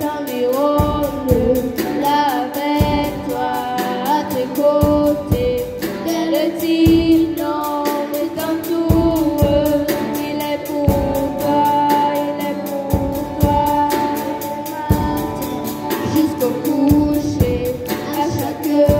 dans mes rôles. Là avec toi, à tes côtés, tel le il non, il est pour toi, il est pour toi. Jusqu'au coucher, à chaque heure.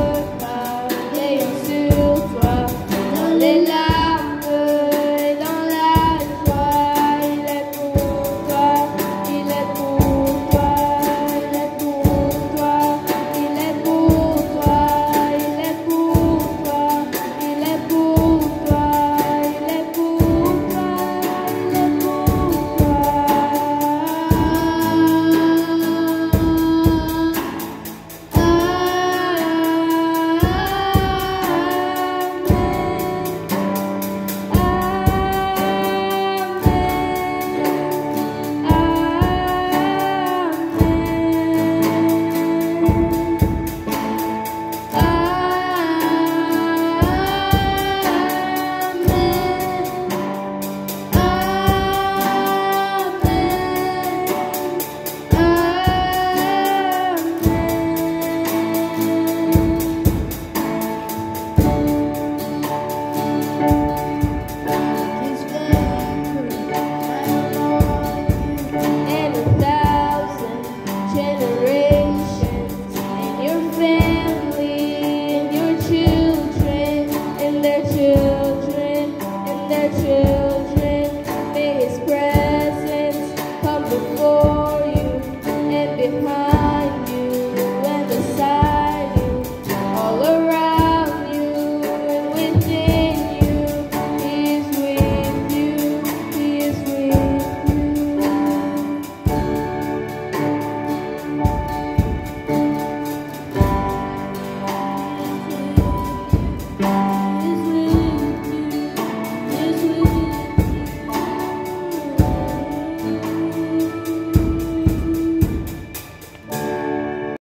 children and their children.